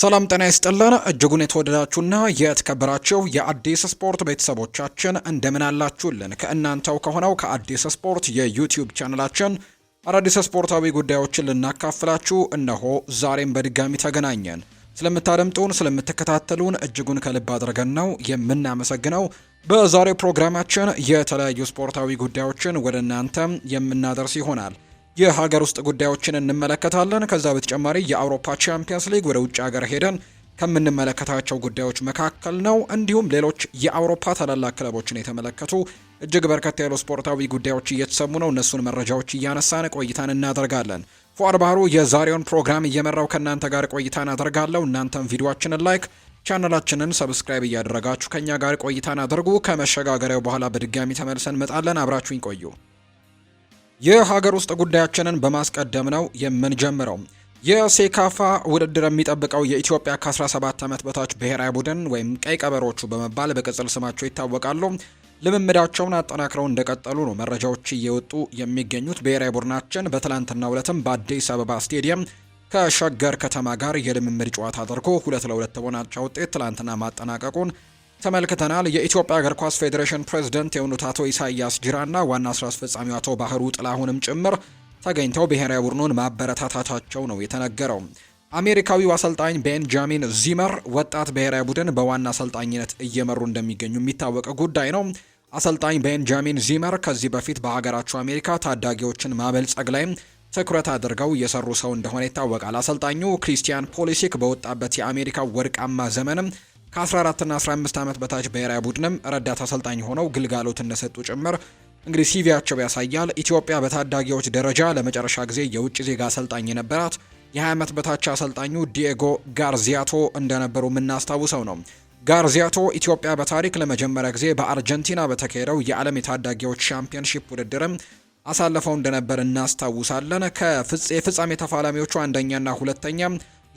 ሰላም ጤና ይስጥልን እጅጉን የተወደዳችሁና የተከበራችሁ የአዲስ ስፖርት ቤተሰቦቻችን እንደምን አላችሁልን? ከእናንተው ከሆነው ከአዲስ ስፖርት የዩቲዩብ ቻነላችን አዳዲስ ስፖርታዊ ጉዳዮችን ልናካፍላችሁ እነሆ ዛሬም በድጋሚ ተገናኘን። ስለምታደምጡን፣ ስለምትከታተሉን እጅጉን ከልብ አድርገን ነው የምናመሰግነው። በዛሬው ፕሮግራማችን የተለያዩ ስፖርታዊ ጉዳዮችን ወደ እናንተም የምናደርስ ይሆናል። የሀገር ውስጥ ጉዳዮችን እንመለከታለን። ከዛ በተጨማሪ የአውሮፓ ቻምፒየንስ ሊግ ወደ ውጭ ሀገር ሄደን ከምንመለከታቸው ጉዳዮች መካከል ነው። እንዲሁም ሌሎች የአውሮፓ ታላላቅ ክለቦችን የተመለከቱ እጅግ በርከት ያሉ ስፖርታዊ ጉዳዮች እየተሰሙ ነው። እነሱን መረጃዎች እያነሳን ቆይታን እናደርጋለን። ፏር ባህሩ የዛሬውን ፕሮግራም እየመራው ከእናንተ ጋር ቆይታን አደርጋለሁ። እናንተም ቪዲዮችንን ላይክ ቻናላችንን ሰብስክራይብ እያደረጋችሁ ከእኛ ጋር ቆይታን አድርጉ። ከመሸጋገሪያው በኋላ በድጋሚ ተመልሰን እንመጣለን። አብራችሁኝ ቆዩ። የሀገር ውስጥ ጉዳያችንን በማስቀደም ነው የምንጀምረው። የሴካፋ ውድድር የሚጠብቀው የኢትዮጵያ ከ17 ዓመት በታች ብሔራዊ ቡድን ወይም ቀይ ቀበሮቹ በመባል በቅጽል ስማቸው ይታወቃሉ። ልምምዳቸውን አጠናክረው እንደቀጠሉ ነው መረጃዎች እየወጡ የሚገኙት። ብሔራዊ ቡድናችን በትላንትናው ዕለትም በአዲስ አበባ ስቴዲየም ከሸገር ከተማ ጋር የልምምድ ጨዋታ አድርጎ ሁለት ለሁለት በሆነ አቻ ውጤት ትላንትና ማጠናቀቁን ተመልክተናል። የኢትዮጵያ እግር ኳስ ፌዴሬሽን ፕሬዝደንት የሆኑት አቶ ኢሳያስ ጅራና ዋና ስራ አስፈጻሚው አቶ ባህሩ ጥላሁንም ጭምር ተገኝተው ብሔራዊ ቡድኑን ማበረታታታቸው ነው የተነገረው። አሜሪካዊው አሰልጣኝ ቤንጃሚን ዚመር ወጣት ብሔራዊ ቡድን በዋና አሰልጣኝነት እየመሩ እንደሚገኙ የሚታወቅ ጉዳይ ነው። አሰልጣኝ ቤንጃሚን ዚመር ከዚህ በፊት በሀገራቸው አሜሪካ ታዳጊዎችን ማበልጸግ ላይም ትኩረት አድርገው እየሰሩ ሰው እንደሆነ ይታወቃል። አሰልጣኙ ክሪስቲያን ፖሊሲክ በወጣበት የአሜሪካ ወርቃማ ዘመንም ከ14ና 15 ዓመት በታች ብሔራዊ ቡድንም ረዳት አሰልጣኝ ሆነው ግልጋሎት እንደሰጡ ጭምር እንግዲህ ሲቪያቸው ያሳያል። ኢትዮጵያ በታዳጊዎች ደረጃ ለመጨረሻ ጊዜ የውጭ ዜጋ አሰልጣኝ የነበራት የ20 ዓመት በታች አሰልጣኙ ዲኤጎ ጋርዚያቶ እንደነበሩ የምናስታውሰው ነው። ጋርዚያቶ ኢትዮጵያ በታሪክ ለመጀመሪያ ጊዜ በአርጀንቲና በተካሄደው የዓለም የታዳጊዎች ሻምፒዮንሺፕ ውድድርም አሳልፈው እንደነበር እናስታውሳለን። ከፍጻሜ ተፋላሚዎቹ አንደኛና ሁለተኛ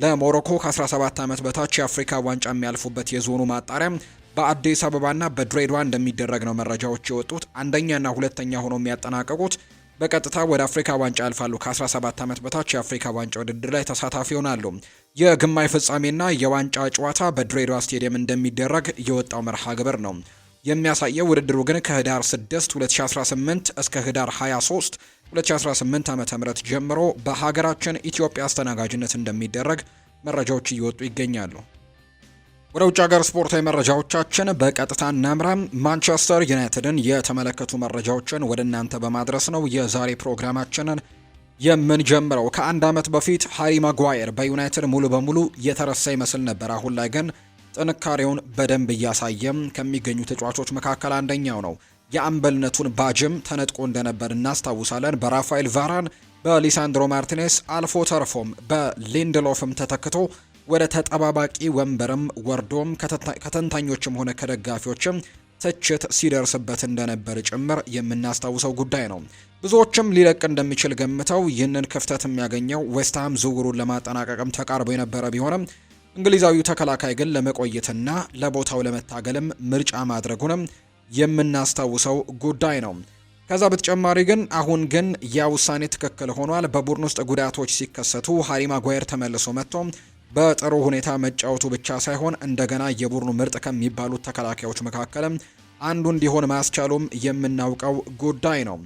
ለሞሮኮ ከ17 ዓመት በታች የአፍሪካ ዋንጫ የሚያልፉበት የዞኑ ማጣሪያም በአዲስ አበባና በድሬዳዋ እንደሚደረግ ነው መረጃዎች የወጡት። አንደኛና ሁለተኛ ሆኖ የሚያጠናቀቁት በቀጥታ ወደ አፍሪካ ዋንጫ ያልፋሉ። ከ17 ዓመት በታች የአፍሪካ ዋንጫ ውድድር ላይ ተሳታፊ ይሆናሉ። የግማሽ ፍጻሜና የዋንጫ ጨዋታ በድሬዳዋ ስቴዲየም እንደሚደረግ የወጣው መርሃ ግብር ነው። የሚያሳየው ውድድሩ ግን ከህዳር 6 2018 እስከ ህዳር 23 2018 ዓ ም ጀምሮ በሀገራችን ኢትዮጵያ አስተናጋጅነት እንደሚደረግ መረጃዎች እየወጡ ይገኛሉ። ወደ ውጭ ሀገር ስፖርታዊ መረጃዎቻችን በቀጥታ እናምራም። ማንቸስተር ዩናይትድን የተመለከቱ መረጃዎችን ወደ እናንተ በማድረስ ነው የዛሬ ፕሮግራማችንን የምንጀምረው። ከአንድ ዓመት በፊት ሃሪ ማጓየር በዩናይትድ ሙሉ በሙሉ የተረሳ ይመስል ነበር። አሁን ላይ ግን ጥንካሬውን በደንብ እያሳየም ከሚገኙ ተጫዋቾች መካከል አንደኛው ነው። የአምበልነቱን ባጅም ተነጥቆ እንደነበር እናስታውሳለን። በራፋኤል ቫራን፣ በሊሳንድሮ ማርቲኔስ አልፎ ተርፎም በሊንድሎፍም ተተክቶ ወደ ተጠባባቂ ወንበርም ወርዶም ከተንታኞችም ሆነ ከደጋፊዎችም ትችት ሲደርስበት እንደነበር ጭምር የምናስታውሰው ጉዳይ ነው። ብዙዎችም ሊለቅ እንደሚችል ገምተው ይህንን ክፍተት የሚያገኘው ዌስትሃም ዝውውሩን ለማጠናቀቅም ተቃርቦ የነበረ ቢሆንም እንግሊዛዊው ተከላካይ ግን ለመቆየትና ለቦታው ለመታገልም ምርጫ ማድረጉንም የምናስታውሰው ጉዳይ ነው። ከዛ በተጨማሪ ግን አሁን ግን ያ ውሳኔ ትክክል ሆኗል። በቡድን ውስጥ ጉዳቶች ሲከሰቱ ሃሪ ማጓየር ተመልሶ መጥቶ በጥሩ ሁኔታ መጫወቱ ብቻ ሳይሆን እንደገና የቡድኑ ምርጥ ከሚባሉት ተከላካዮች መካከልም አንዱ እንዲሆን ማስቻሉም የምናውቀው ጉዳይ ነው።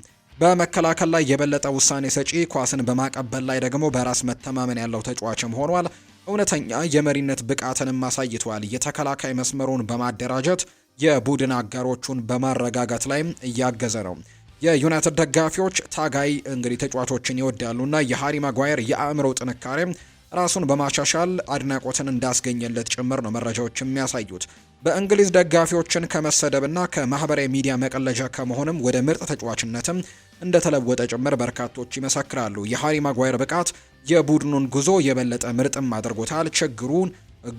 በመከላከል ላይ የበለጠ ውሳኔ ሰጪ፣ ኳስን በማቀበል ላይ ደግሞ በራስ መተማመን ያለው ተጫዋችም ሆኗል። እውነተኛ የመሪነት ብቃትንም አሳይቷል። የተከላካይ መስመሩን በማደራጀት የቡድን አጋሮቹን በማረጋጋት ላይም እያገዘ ነው። የዩናይትድ ደጋፊዎች ታጋይ እንግዲህ ተጫዋቾችን ይወዳሉና የሃሪ ማጓየር የአእምሮ ጥንካሬ ራሱን በማሻሻል አድናቆትን እንዳስገኘለት ጭምር ነው መረጃዎች የሚያሳዩት። በእንግሊዝ ደጋፊዎችን ከመሰደብና ከማህበራዊ ሚዲያ መቀለጃ ከመሆንም ወደ ምርጥ ተጫዋችነትም እንደተለወጠ ጭምር በርካቶች ይመሰክራሉ። የሃሪ ማጓየር ብቃት የቡድኑን ጉዞ የበለጠ ምርጥም አድርጎታል። ችግሩን፣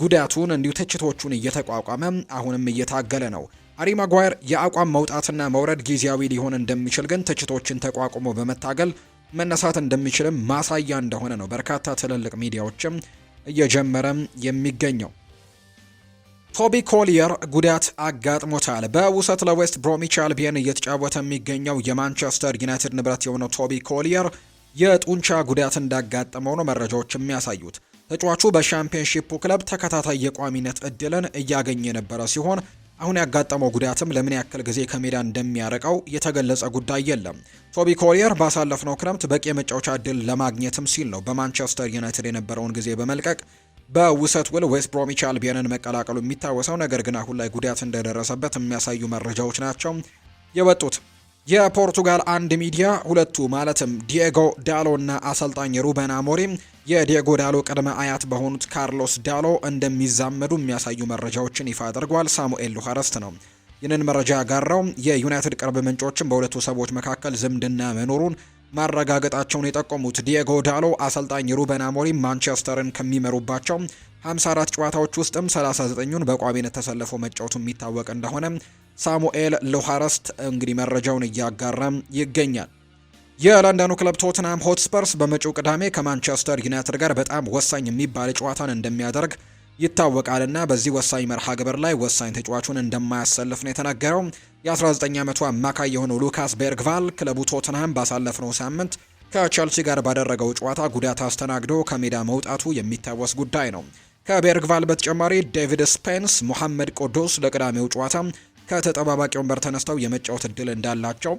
ጉዳቱን እንዲሁ ትችቶቹን እየተቋቋመ አሁንም እየታገለ ነው። ሃሪ ማጓየር የአቋም መውጣትና መውረድ ጊዜያዊ ሊሆን እንደሚችል ግን ትችቶችን ተቋቁሞ በመታገል መነሳት እንደሚችልም ማሳያ እንደሆነ ነው በርካታ ትልልቅ ሚዲያዎችም እየጀመረ የሚገኘው። ቶቢ ኮሊየር ጉዳት አጋጥሞታል። በውሰት ለዌስት ብሮሚች አልቢየን እየተጫወተ የሚገኘው የማንቸስተር ዩናይትድ ንብረት የሆነው ቶቢ ኮሊየር የጡንቻ ጉዳት እንዳጋጠመው ነው መረጃዎች የሚያሳዩት። ተጫዋቹ በሻምፒየንሺፑ ክለብ ተከታታይ የቋሚነት እድልን እያገኘ የነበረ ሲሆን አሁን ያጋጠመው ጉዳትም ለምን ያክል ጊዜ ከሜዳ እንደሚያረቀው የተገለጸ ጉዳይ የለም። ቶቢ ኮሊየር ባሳለፍነው ክረምት በቂ የመጫወቻ እድል ለማግኘትም ሲል ነው በማንቸስተር ዩናይትድ የነበረውን ጊዜ በመልቀቅ በውሰት ውል ዌስት ብሮሚች አልቢዮንን መቀላቀሉ የሚታወሰው ነገር ግን አሁን ላይ ጉዳት እንደደረሰበት የሚያሳዩ መረጃዎች ናቸው የወጡት። የፖርቱጋል አንድ ሚዲያ ሁለቱ ማለትም ዲየጎ ዳሎ እና አሰልጣኝ ሩበን አሞሪም የዲየጎ ዳሎ ቅድመ አያት በሆኑት ካርሎስ ዳሎ እንደሚዛመዱ የሚያሳዩ መረጃዎችን ይፋ አድርጓል። ሳሙኤል ሉሃረስት ነው ይህንን መረጃ ያጋራው። የዩናይትድ ቅርብ ምንጮችም በሁለቱ ሰዎች መካከል ዝምድና መኖሩን ማረጋገጣቸውን የጠቆሙት ዲየጎ ዳሎ አሰልጣኝ ሩበን አሞሪም ማንቸስተርን ከሚመሩባቸው 54 ጨዋታዎች ውስጥም 39ኙን በቋሚነት ተሰልፎ መጫወቱ የሚታወቅ እንደሆነ ሳሙኤል ሉሃረስት እንግዲህ መረጃውን እያጋረም ይገኛል። የለንደኑ ክለብ ቶትናም ሆትስፐርስ በመጪው ቅዳሜ ከማንቸስተር ዩናይትድ ጋር በጣም ወሳኝ የሚባል ጨዋታን እንደሚያደርግ ይታወቃልና በዚህ ወሳኝ መርሃ ግብር ላይ ወሳኝ ተጫዋቹን እንደማያሰልፍ ነው የተናገረው። የ19 ዓመቱ አማካይ የሆነው ሉካስ ቤርግቫል ክለቡ ቶትንሃም ባሳለፍነው ሳምንት ከቸልሲ ጋር ባደረገው ጨዋታ ጉዳት አስተናግዶ ከሜዳ መውጣቱ የሚታወስ ጉዳይ ነው። ከቤርግቫል በተጨማሪ ዴቪድ ስፔንስ፣ ሙሐመድ ቆዶስ ለቅዳሜው ጨዋታ ከተጠባባቂ ወንበር ተነስተው የመጫወት እድል እንዳላቸው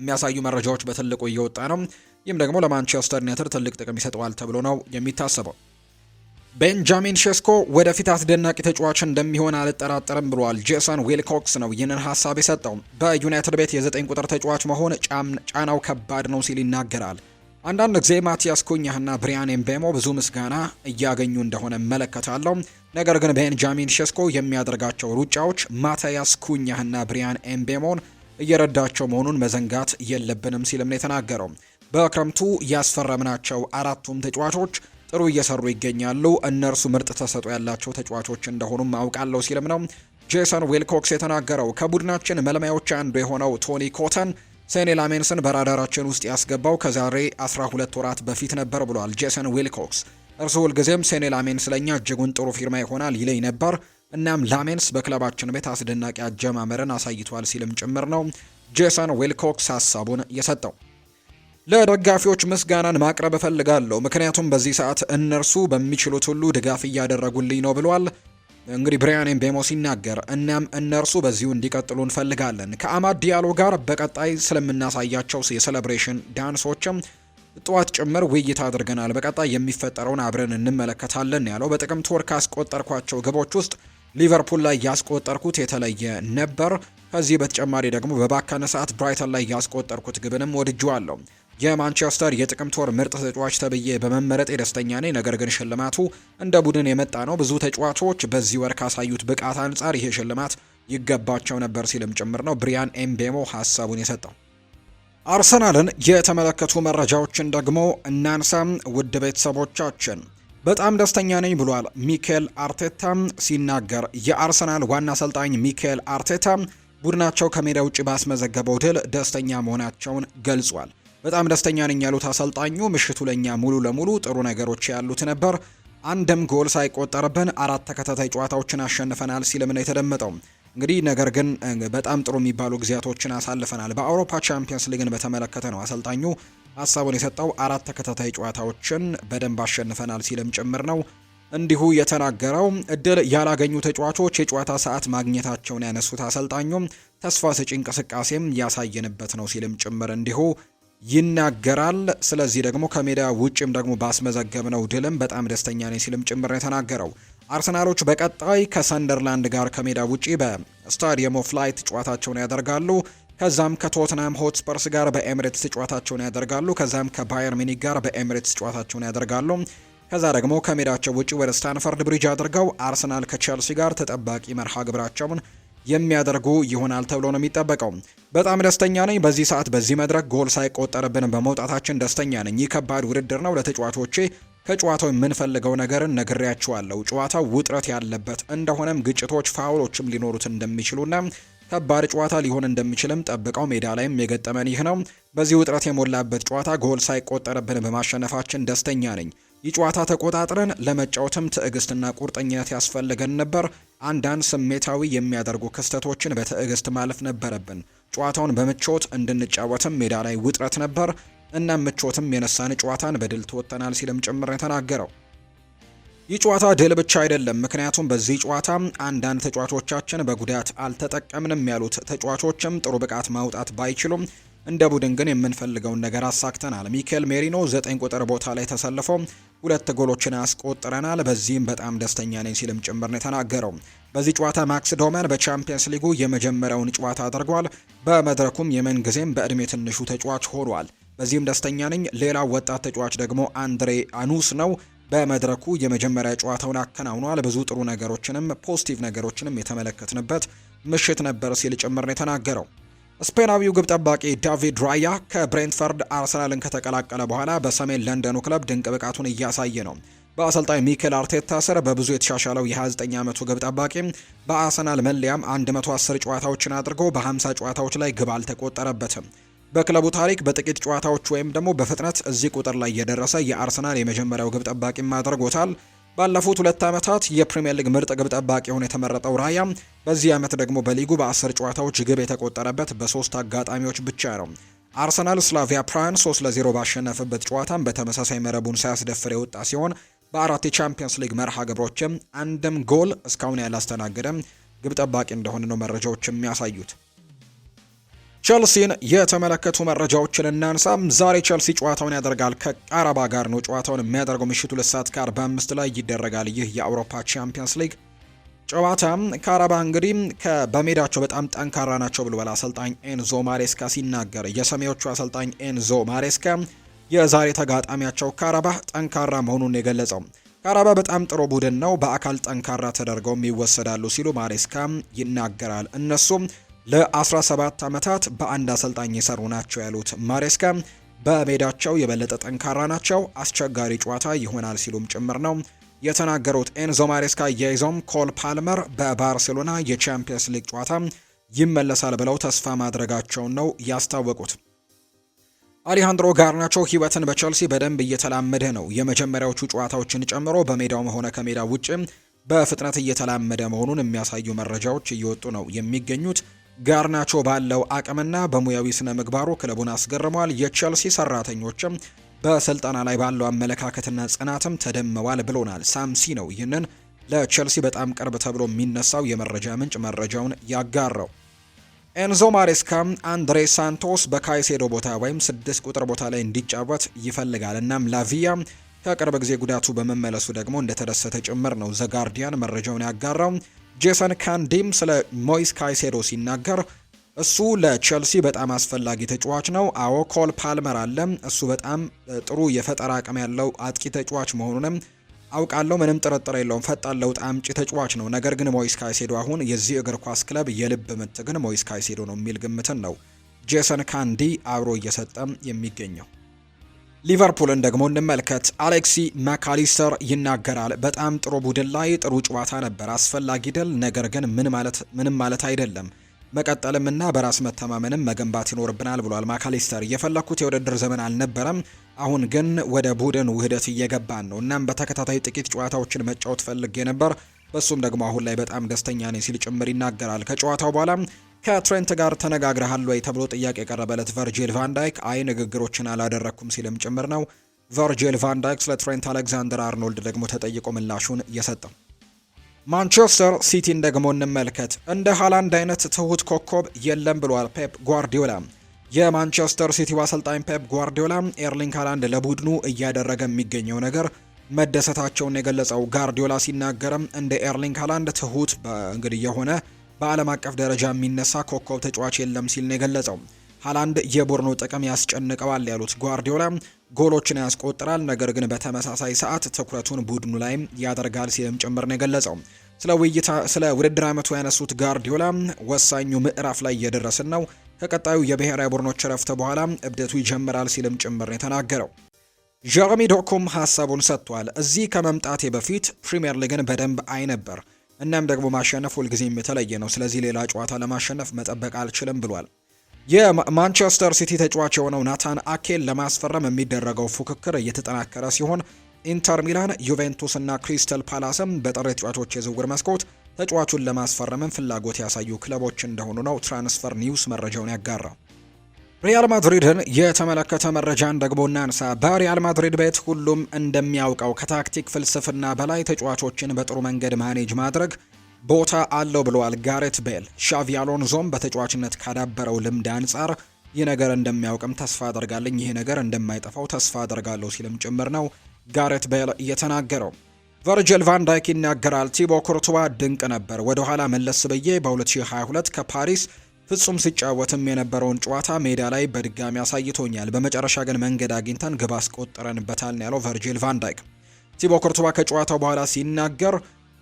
የሚያሳዩ መረጃዎች በትልቁ እየወጣ ነው። ይህም ደግሞ ለማንቸስተር ዩናይትድ ትልቅ ጥቅም ይሰጠዋል ተብሎ ነው የሚታሰበው። ቤንጃሚን ሼስኮ ወደፊት አስደናቂ ተጫዋች እንደሚሆን አልጠራጠርም ብሏል። ጄሰን ዊልኮክስ ነው ይህንን ሀሳብ የሰጠው። በዩናይትድ ቤት የዘጠኝ ቁጥር ተጫዋች መሆን ጫናው ከባድ ነው ሲል ይናገራል። አንዳንድ ጊዜ ማቲያስ ኩኛህና ብሪያን ኤምቤሞ ብዙ ምስጋና እያገኙ እንደሆነ እመለከታለሁ። ነገር ግን ቤንጃሚን ሸስኮ የሚያደርጋቸው ሩጫዎች ማቲያስ ኩኛህና ብሪያን ኤምቤሞን እየረዳቸው መሆኑን መዘንጋት የለብንም ሲልም ነው የተናገረው። በክረምቱ ያስፈረምናቸው አራቱም ተጫዋቾች ጥሩ እየሰሩ ይገኛሉ። እነርሱ ምርጥ ተሰጥኦ ያላቸው ተጫዋቾች እንደሆኑም አውቃለሁ ሲልም ነው ጄሰን ዊልኮክስ የተናገረው። ከቡድናችን መልማዮች አንዱ የሆነው ቶኒ ኮተን ሰኔ ላሜንስን በራዳራችን ውስጥ ያስገባው ከዛሬ 12 ወራት በፊት ነበር ብሏል ጄሰን ዊልኮክስ። እርሱ ሁልጊዜም ሴኔ ላሜንስ ለእኛ እጅጉን ጥሩ ፊርማ ይሆናል ይለኝ ነበር። እናም ላሜንስ በክለባችን ቤት አስደናቂ አጀማመርን አሳይቷል ሲልም ጭምር ነው ጄሰን ዊልኮክስ ሀሳቡን የሰጠው። ለደጋፊዎች ምስጋናን ማቅረብ እፈልጋለሁ፣ ምክንያቱም በዚህ ሰዓት እነርሱ በሚችሉት ሁሉ ድጋፍ እያደረጉልኝ ነው ብሏል። እንግዲህ ብሪያን ኤምቤሞ ሲናገር እናም እነርሱ በዚሁ እንዲቀጥሉ እንፈልጋለን። ከአማድ ዲያሎ ጋር በቀጣይ ስለምናሳያቸው የሴሌብሬሽን ዳንሶችም ጠዋት ጭምር ውይይት አድርገናል። በቀጣይ የሚፈጠረውን አብረን እንመለከታለን ያለው በጥቅምት ወር ካስቆጠርኳቸው ግቦች ውስጥ ሊቨርፑል ላይ ያስቆጠርኩት የተለየ ነበር። ከዚህ በተጨማሪ ደግሞ በባካነ ሰዓት ብራይተን ላይ ያስቆጠርኩት ግብንም ወድጄዋለሁ። የማንቸስተር የጥቅምት ወር ምርጥ ተጫዋች ተብዬ በመመረጥ የደስተኛ ነኝ። ነገር ግን ሽልማቱ እንደ ቡድን የመጣ ነው። ብዙ ተጫዋቾች በዚህ ወር ካሳዩት ብቃት አንጻር ይሄ ሽልማት ይገባቸው ነበር ሲልም ጭምር ነው ብሪያን ኤምቤሞ ሀሳቡን የሰጠው። አርሰናልን የተመለከቱ መረጃዎችን ደግሞ እናንሳም። ውድ ቤተሰቦቻችን በጣም ደስተኛ ነኝ ብሏል ሚኬል አርቴታ ሲናገር የአርሰናል ዋና አሰልጣኝ ሚኬል አርቴታ ቡድናቸው ከሜዳ ውጭ ባስመዘገበው ድል ደስተኛ መሆናቸውን ገልጿል። በጣም ደስተኛ ነኝ ያሉት አሰልጣኙ ምሽቱ ለእኛ ሙሉ ለሙሉ ጥሩ ነገሮች ያሉት ነበር፣ አንድም ጎል ሳይቆጠርብን አራት ተከታታይ ጨዋታዎችን አሸንፈናል ሲልም ነው የተደመጠው። እንግዲህ ነገር ግን በጣም ጥሩ የሚባሉ ጊዜያቶችን አሳልፈናል። በአውሮፓ ቻምፒየንስ ሊግን በተመለከተ ነው አሰልጣኙ ሀሳቡን የሰጠው። አራት ተከታታይ ጨዋታዎችን በደንብ አሸንፈናል ሲልም ጭምር ነው እንዲሁ የተናገረው። እድል ያላገኙ ተጫዋቾች የጨዋታ ሰዓት ማግኘታቸውን ያነሱት አሰልጣኙም ተስፋ ሰጪ እንቅስቃሴም ያሳየንበት ነው ሲልም ጭምር እንዲሁ ይናገራል። ስለዚህ ደግሞ ከሜዳ ውጭም ደግሞ ባስመዘገብነው ድልም በጣም ደስተኛ ነኝ ሲልም ጭምር ነው የተናገረው። አርሰናሎች በቀጣይ ከሰንደርላንድ ጋር ከሜዳ ውጪ በስታዲየም ኦፍ ላይት ጨዋታቸውን ያደርጋሉ። ከዛም ከቶትናም ሆትስፐርስ ጋር በኤምሬትስ ጨዋታቸውን ያደርጋሉ። ከዛም ከባየር ሚኒክ ጋር በኤምሬትስ ጨዋታቸውን ያደርጋሉ። ከዛ ደግሞ ከሜዳቸው ውጪ ወደ ስታንፈርድ ብሪጅ አድርገው አርሰናል ከቼልሲ ጋር ተጠባቂ መርሃ ግብራቸውን የሚያደርጉ ይሆናል ተብሎ ነው የሚጠበቀው። በጣም ደስተኛ ነኝ። በዚህ ሰዓት በዚህ መድረክ ጎል ሳይቆጠርብን በመውጣታችን ደስተኛ ነኝ። ይህ ከባድ ውድድር ነው። ለተጫዋቾቼ ከጨዋታው የምንፈልገው ነገርን ነግሬያቸዋለሁ። ጨዋታው ውጥረት ያለበት እንደሆነም ግጭቶች፣ ፋውሎችም ሊኖሩት እንደሚችሉና ከባድ ጨዋታ ሊሆን እንደሚችልም ጠብቀው ሜዳ ላይም የገጠመን ይህ ነው። በዚህ ውጥረት የሞላበት ጨዋታ ጎል ሳይቆጠርብን በማሸነፋችን ደስተኛ ነኝ። ይህ ጨዋታ ተቆጣጥረን ለመጫወትም ትዕግስትና ቁርጠኝነት ያስፈልገን ነበር። አንዳንድ ስሜታዊ የሚያደርጉ ክስተቶችን በትዕግስት ማለፍ ነበረብን። ጨዋታውን በምቾት እንድንጫወትም ሜዳ ላይ ውጥረት ነበር። እና ምቾትም የነሳን ጨዋታን በድል ተወጥተናል ሲልም ጭምር የተናገረው ይህ ጨዋታ ድል ብቻ አይደለም፣ ምክንያቱም በዚህ ጨዋታ አንዳንድ ተጫዋቾቻችን በጉዳት አልተጠቀምንም ያሉት ተጫዋቾችም ጥሩ ብቃት ማውጣት ባይችሉም እንደ ቡድን ግን የምንፈልገውን ነገር አሳክተናል። ሚኬል ሜሪኖ ዘጠኝ ቁጥር ቦታ ላይ ተሰልፎ ሁለት ጎሎችን አስቆጥረናል። በዚህም በጣም ደስተኛ ነኝ ሲልም ጭምር ነው የተናገረው። በዚህ ጨዋታ ማክስ ዶመን በቻምፒየንስ ሊጉ የመጀመሪያውን ጨዋታ አድርጓል። በመድረኩም የምን ጊዜም በእድሜ ትንሹ ተጫዋች ሆኗል። በዚህም ደስተኛ ነኝ። ሌላው ወጣት ተጫዋች ደግሞ አንድሬ አኑስ ነው። በመድረኩ የመጀመሪያ ጨዋታውን አከናውኗል። ብዙ ጥሩ ነገሮችንም ፖዚቲቭ ነገሮችንም የተመለከትንበት ምሽት ነበር ሲል ጭምር ነው የተናገረው። ስፔናዊው ግብ ጠባቂ ዳቪድ ራያ ከብሬንትፈርድ አርሰናልን ከተቀላቀለ በኋላ በሰሜን ለንደኑ ክለብ ድንቅ ብቃቱን እያሳየ ነው። በአሰልጣኝ ሚኬል አርቴታ ስር በብዙ የተሻሻለው የ29 ዓመቱ ግብ ጠባቂ በአርሰናል መለያም 110 ጨዋታዎችን አድርጎ በ50 ጨዋታዎች ላይ ግብ አልተቆጠረበትም። በክለቡ ታሪክ በጥቂት ጨዋታዎች ወይም ደግሞ በፍጥነት እዚህ ቁጥር ላይ የደረሰ የአርሰናል የመጀመሪያው ግብ ጠባቂም አድርጎታል። ባለፉት ሁለት ዓመታት የፕሪምየር ሊግ ምርጥ ግብ ጠባቂ ሆኖ የተመረጠው ራያ በዚህ ዓመት ደግሞ በሊጉ በአስር ጨዋታዎች ግብ የተቆጠረበት በሶስት አጋጣሚዎች ብቻ ነው። አርሰናል ስላቪያ ፕራን 3 ለ0 ባሸነፈበት ጨዋታም በተመሳሳይ መረቡን ሳያስደፍር የወጣ ሲሆን በአራት የቻምፒየንስ ሊግ መርሃ ግብሮችም አንድም ጎል እስካሁን ያላስተናገደም ግብ ጠባቂ እንደሆነ ነው መረጃዎች የሚያሳዩት። ቸልሲን የተመለከቱ መረጃዎችን እናንሳም። ዛሬ ቸልሲ ጨዋታውን ያደርጋል ከአረባ ጋር ነው ጨዋታውን የሚያደርገው ምሽቱ ሁለት ሰዓት ከ45 ላይ ይደረጋል። ይህ የአውሮፓ ቻምፒየንስ ሊግ ጨዋታ ከአረባ እንግዲህ በሜዳቸው በጣም ጠንካራ ናቸው ብሏል አሰልጣኝ ኤንዞ ማሬስካ ሲናገር። የሰሜዎቹ አሰልጣኝ ኤንዞ ማሬስካ የዛሬ ተጋጣሚያቸው ካራባ ጠንካራ መሆኑን የገለጸው ካራባ በጣም ጥሩ ቡድን ነው፣ በአካል ጠንካራ ተደርገውም ይወሰዳሉ ሲሉ ማሬስካ ይናገራል። እነሱም ለ17 ዓመታት በአንድ አሰልጣኝ የሰሩ ናቸው ያሉት ማሬስካ በሜዳቸው የበለጠ ጠንካራ ናቸው፣ አስቸጋሪ ጨዋታ ይሆናል ሲሉም ጭምር ነው የተናገሩት። ኤንዞ ማሬስካ የይዞም ኮል ፓልመር በባርሴሎና የቻምፒየንስ ሊግ ጨዋታ ይመለሳል ብለው ተስፋ ማድረጋቸውን ነው ያስታወቁት። አሊሃንድሮ ጋርናቾ ሂወትን በቸልሲ በደንብ እየተላመደ ነው። የመጀመሪያዎቹ ጨዋታዎችን ጨምሮ በሜዳውም ሆነ ከሜዳው ውጭ በፍጥነት እየተላመደ መሆኑን የሚያሳዩ መረጃዎች እየወጡ ነው የሚገኙት። ጋርናቾ ባለው አቅምና በሙያዊ ስነ ምግባሩ ክለቡን አስገርመዋል። የቼልሲ ሰራተኞችም በስልጠና ላይ ባለው አመለካከትና ጽናትም ተደምመዋል ብሎናል ሳምሲ ነው ይህንን ለቼልሲ በጣም ቅርብ ተብሎ የሚነሳው የመረጃ ምንጭ መረጃውን ያጋራው። ኤንዞ ማሬስካ አንድሬ ሳንቶስ በካይሴዶ ቦታ ወይም ስድስት ቁጥር ቦታ ላይ እንዲጫወት ይፈልጋል። እናም ላቪያ ከቅርብ ጊዜ ጉዳቱ በመመለሱ ደግሞ እንደተደሰተ ጭምር ነው ዘጋርዲያን መረጃውን ያጋራው። ጄሰን ካንዲም ስለ ሞይስ ካይሴዶ ሲናገር እሱ ለቸልሲ በጣም አስፈላጊ ተጫዋች ነው። አዎ ኮል ፓልመር አለ። እሱ በጣም ጥሩ የፈጠራ አቅም ያለው አጥቂ ተጫዋች መሆኑንም አውቃለሁ። ምንም ጥርጥር የለውም። ፈጣን ለውጥ አምጪ ተጫዋች ነው። ነገር ግን ሞይስ ካይሴዶ አሁን የዚህ እግር ኳስ ክለብ የልብ ምት ግን ሞይስ ካይሴዶ ነው የሚል ግምትን ነው ጄሰን ካንዲ አብሮ እየሰጠም የሚገኘው። ሊቨርፑልን ደግሞ እንመልከት። አሌክሲ ማካሊስተር ይናገራል። በጣም ጥሩ ቡድን ላይ ጥሩ ጨዋታ ነበር፣ አስፈላጊ ድል። ነገር ግን ምን ማለት ምንም ማለት አይደለም፣ መቀጠልምና በራስ መተማመንም መገንባት ይኖርብናል ብሏል ማካሊስተር። የፈለኩት የውድድር ዘመን አልነበረም፣ አሁን ግን ወደ ቡድን ውህደት እየገባን ነው። እናም በተከታታይ ጥቂት ጨዋታዎችን መጫወት ፈልጌ ነበር በሱም ደግሞ አሁን ላይ በጣም ደስተኛ ነኝ ሲል ጭምር ይናገራል። ከጨዋታው በኋላ ከትሬንት ጋር ተነጋግረሃል ወይ ተብሎ ጥያቄ የቀረበለት ቨርጂል ቫንዳይክ አይ ንግግሮችን አላደረግኩም ሲልም ጭምር ነው። ቨርጂል ቫንዳይክ ስለ ትሬንት አሌክዛንደር አርኖልድ ደግሞ ተጠይቆ ምላሹን እየሰጠው። ማንቸስተር ሲቲን ደግሞ እንመልከት። እንደ ሃላንድ አይነት ትሁት ኮከብ የለም ብሏል ፔፕ ጓርዲዮላ። የማንቸስተር ሲቲው አሰልጣኝ ፔፕ ጓርዲዮላ ኤርሊንግ ሃላንድ ለቡድኑ እያደረገ የሚገኘው ነገር መደሰታቸውን የገለጸው ጋርዲዮላ ሲናገርም እንደ ኤርሊንግ ሃላንድ ትሁት እንግዲህ የሆነ በዓለም አቀፍ ደረጃ የሚነሳ ኮከብ ተጫዋች የለም ሲል ነው የገለጸው። ሃላንድ የቡርኑ ጥቅም ያስጨንቀዋል ያሉት ጓርዲዮላ ጎሎችን ያስቆጥራል፣ ነገር ግን በተመሳሳይ ሰዓት ትኩረቱን ቡድኑ ላይም ያደርጋል ሲልም ጭምር ነው የገለጸው። ስለ ውይይታ ስለ ውድድር ዓመቱ ያነሱት ጋርዲዮላ ወሳኙ ምዕራፍ ላይ እየደረስን ነው፣ ከቀጣዩ የብሔራዊ ቡድኖች እረፍት በኋላ እብደቱ ይጀምራል ሲልም ጭምር ነው የተናገረው። ጀረሚ ዶኩም ሀሳቡን ሰጥቷል። እዚህ ከመምጣቴ በፊት ፕሪምየር ሊግን በደንብ አይ ነበር እናም ደግሞ ማሸነፍ ሁልጊዜም የተለየ ነው። ስለዚህ ሌላ ጨዋታ ለማሸነፍ መጠበቅ አልችልም ብሏል። የማንቸስተር ሲቲ ተጫዋች የሆነው ናታን አኬል ለማስፈረም የሚደረገው ፉክክር እየተጠናከረ ሲሆን ኢንተር ሚላን፣ ዩቬንቱስ እና ክሪስተል ፓላስም በጥር ተጫዋቾች የዝውውር መስኮት ተጫዋቹን ለማስፈረምም ፍላጎት ያሳዩ ክለቦች እንደሆኑ ነው ትራንስፈር ኒውስ መረጃውን ያጋራው። ሪያል ማድሪድን የተመለከተ መረጃን ደግሞ እናንሳ። በሪያል ማድሪድ ቤት ሁሉም እንደሚያውቀው ከታክቲክ ፍልስፍና በላይ ተጫዋቾችን በጥሩ መንገድ ማኔጅ ማድረግ ቦታ አለው ብለዋል ጋሬት ቤል። ሻቪ አሎንዞም በተጫዋችነት ካዳበረው ልምድ አንጻር ይህ ነገር እንደሚያውቅም ተስፋ አደርጋለኝ፣ ይህ ነገር እንደማይጠፋው ተስፋ አደርጋለሁ ሲልም ጭምር ነው ጋሬት ቤል እየተናገረው። ቨርጅል ቫንዳይክ ይናገራል። ቲቦ ኩርቱዋ ድንቅ ነበር። ወደ ኋላ መለስ ብዬ በ2022 ከፓሪስ ፍጹም ሲጫወትም የነበረውን ጨዋታ ሜዳ ላይ በድጋሚ አሳይቶኛል። በመጨረሻ ግን መንገድ አግኝተን ግብ አስቆጠረንበታል ያለው ቨርጂል ቫንዳይክ ቲቦ ኮርቱባ ከጨዋታው በኋላ ሲናገር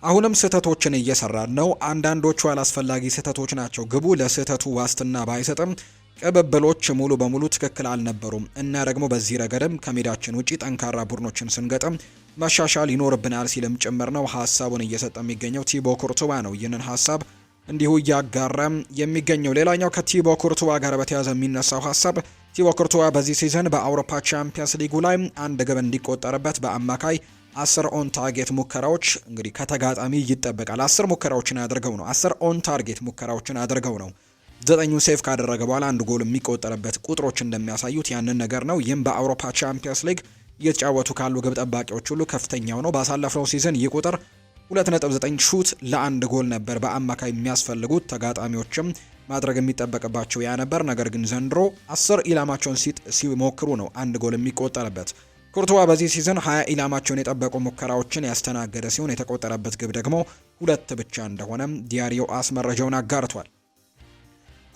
አሁንም ስህተቶችን እየሰራን ነው። አንዳንዶቹ አላስፈላጊ ስህተቶች ናቸው። ግቡ ለስህተቱ ዋስትና ባይሰጥም ቅብብሎች ሙሉ በሙሉ ትክክል አልነበሩም እና ደግሞ በዚህ ረገድም ከሜዳችን ውጪ ጠንካራ ቡድኖችን ስንገጥም መሻሻል ይኖርብናል ሲልም ጭምር ነው ሀሳቡን እየሰጠ የሚገኘው ቲቦ ኩርቱባ ነው። ይህንን ሀሳብ እንዲሁ እያጋራ የሚገኘው። ሌላኛው ከቲቦ ኩርቱዋ ጋር በተያያዘ የሚነሳው ሀሳብ ቲቦ ኩርቱዋ በዚህ ሲዝን በአውሮፓ ቻምፒየንስ ሊጉ ላይ አንድ ግብ እንዲቆጠርበት በአማካይ አስር ኦን ታርጌት ሙከራዎች እንግዲህ ከተጋጣሚ ይጠበቃል። አስር ሙከራዎችን አድርገው ነው አስር ኦን ታርጌት ሙከራዎችን አድርገው ነው ዘጠኙ ሴፍ ካደረገ በኋላ አንድ ጎል የሚቆጠርበት ቁጥሮች እንደሚያሳዩት ያንን ነገር ነው። ይህም በአውሮፓ ቻምፒየንስ ሊግ እየተጫወቱ ካሉ ግብ ጠባቂዎች ሁሉ ከፍተኛው ነው። ባሳለፍነው ሲዝን ይህ ቁጥር 2.9 ሹት ለአንድ ጎል ነበር በአማካይ የሚያስፈልጉት። ተጋጣሚዎችም ማድረግ የሚጠበቅባቸው ያ ነበር። ነገር ግን ዘንድሮ 10 ኢላማቸውን ሲሞክሩ ነው አንድ ጎል የሚቆጠርበት። ኩርቱዋ በዚህ ሲዝን 20 ኢላማቸውን የጠበቁ ሙከራዎችን ያስተናገደ ሲሆን የተቆጠረበት ግብ ደግሞ ሁለት ብቻ እንደሆነም ዲያሪዮ አስ መረጃውን አጋርቷል።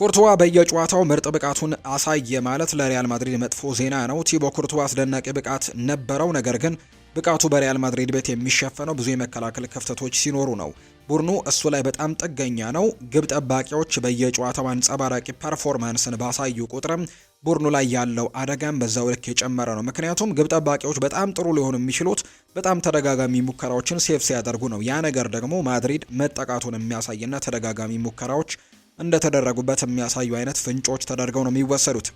ኩርቱዋ በየጨዋታው ምርጥ ብቃቱን አሳየ ማለት ለሪያል ማድሪድ መጥፎ ዜና ነው። ቲቦ ኩርቱዋ አስደናቂ ብቃት ነበረው፣ ነገር ግን ብቃቱ በሪያል ማድሪድ ቤት የሚሸፈነው ብዙ የመከላከል ክፍተቶች ሲኖሩ ነው። ቡድኑ እሱ ላይ በጣም ጥገኛ ነው። ግብ ጠባቂዎች በየጨዋታው አንጸባራቂ ፐርፎርማንስን ባሳዩ ቁጥርም ቡድኑ ላይ ያለው አደጋም በዛው ልክ የጨመረ ነው። ምክንያቱም ግብ ጠባቂዎች በጣም ጥሩ ሊሆኑ የሚችሉት በጣም ተደጋጋሚ ሙከራዎችን ሴፍ ሲያደርጉ ነው። ያ ነገር ደግሞ ማድሪድ መጠቃቱን የሚያሳይና ተደጋጋሚ ሙከራዎች እንደተደረጉበት የሚያሳዩ አይነት ፍንጮች ተደርገው ነው የሚወሰዱት።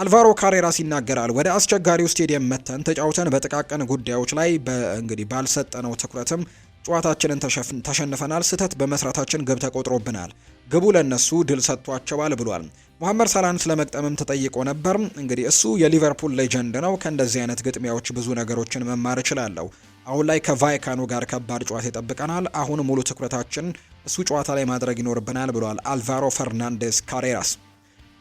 አልቫሮ ካሬራስ ይናገራል። ወደ አስቸጋሪው ስቴዲየም መተን ተጫውተን በጥቃቅን ጉዳዮች ላይ በእንግዲህ ባልሰጠነው ትኩረትም ጨዋታችንን ተሸንፈናል። ስህተት በመስራታችን ግብ ተቆጥሮብናል። ግቡ ለነሱ ድል ሰጥቷቸዋል ብሏል። ሙሐመድ ሳላህን ስለመግጠምም ተጠይቆ ነበር። እንግዲህ እሱ የሊቨርፑል ሌጀንድ ነው። ከእንደዚህ አይነት ግጥሚያዎች ብዙ ነገሮችን መማር እችላለሁ። አሁን ላይ ከቫይካኑ ጋር ከባድ ጨዋታ ይጠብቀናል። አሁን ሙሉ ትኩረታችን እሱ ጨዋታ ላይ ማድረግ ይኖርብናል ብሏል አልቫሮ ፈርናንዴስ ካሬራስ።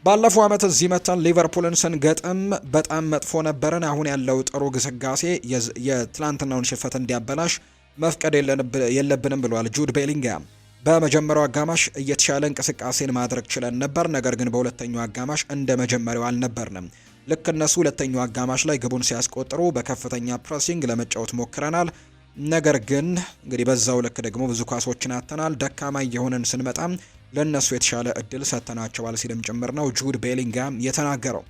ባለፈው ዓመት እዚህ መተን ሊቨርፑልን ስንገጥም በጣም መጥፎ ነበረን። አሁን ያለው ጥሩ ግስጋሴ የትላንትናውን ሽፈት እንዲያበላሽ መፍቀድ የለብንም ብሏል ጁድ ቤሊንግሃም። በመጀመሪያው አጋማሽ እየተሻለ እንቅስቃሴን ማድረግ ችለን ነበር፣ ነገር ግን በሁለተኛው አጋማሽ እንደ መጀመሪያው አልነበርንም። ልክ እነሱ ሁለተኛው አጋማሽ ላይ ግቡን ሲያስቆጥሩ በከፍተኛ ፕሬሲንግ ለመጫወት ሞክረናል። ነገር ግን እንግዲህ በዛው ልክ ደግሞ ብዙ ኳሶችን አተናል። ደካማ እየሆንን ስንመጣም ለእነሱ የተሻለ እድል ሰጥተናቸዋል ሲልም ጭምር ነው ጁድ ቤሊንጋም የተናገረው።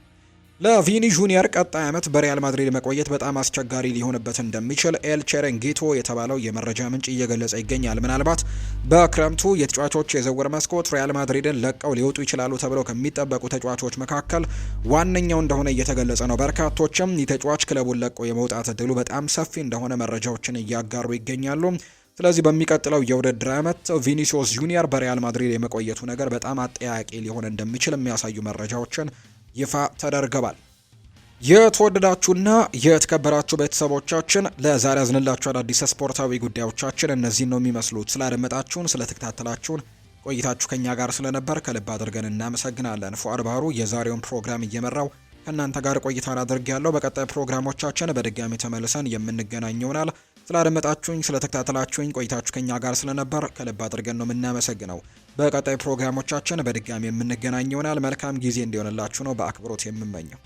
ለቪኒ ጁኒየር ቀጣይ ዓመት በሪያል ማድሪድ መቆየት በጣም አስቸጋሪ ሊሆንበት እንደሚችል ኤል ቼረንጌቶ የተባለው የመረጃ ምንጭ እየገለጸ ይገኛል። ምናልባት በክረምቱ የተጫዋቾች የዝውውር መስኮት ሪያል ማድሪድን ለቀው ሊወጡ ይችላሉ ተብለው ከሚጠበቁ ተጫዋቾች መካከል ዋነኛው እንደሆነ እየተገለጸ ነው። በርካቶችም የተጫዋች ክለቡን ለቀው የመውጣት እድሉ በጣም ሰፊ እንደሆነ መረጃዎችን እያጋሩ ይገኛሉ። ስለዚህ በሚቀጥለው የውድድር ዓመት ቪኒሲዮስ ጁኒየር በሪያል ማድሪድ የመቆየቱ ነገር በጣም አጠያቂ ሊሆን እንደሚችል የሚያሳዩ መረጃዎችን ይፋ ተደርገዋል። የተወደዳችሁና የተከበራችሁ ቤተሰቦቻችን ለዛሬ ያዝንላችሁ አዳዲስ ስፖርታዊ ጉዳዮቻችን እነዚህን ነው የሚመስሉት። ስላደመጣችሁን፣ ስለተከታተላችሁን ቆይታችሁ ከኛ ጋር ስለነበር ከልብ አድርገን እናመሰግናለን። ፉአድ ባህሩ የዛሬውን ፕሮግራም እየመራው ከእናንተ ጋር ቆይታን አድርግ ያለው። በቀጣይ ፕሮግራሞቻችን በድጋሚ ተመልሰን የምንገናኝ ይሆናል። ስላደመጣችሁኝ፣ ስለተከታተላችሁኝ ቆይታችሁ ከኛ ጋር ስለነበር ከልብ አድርገን ነው የምናመሰግነው። በቀጣይ ፕሮግራሞቻችን በድጋሚ የምንገናኝ ይሆናል። መልካም ጊዜ እንዲሆንላችሁ ነው በአክብሮት የምመኘው።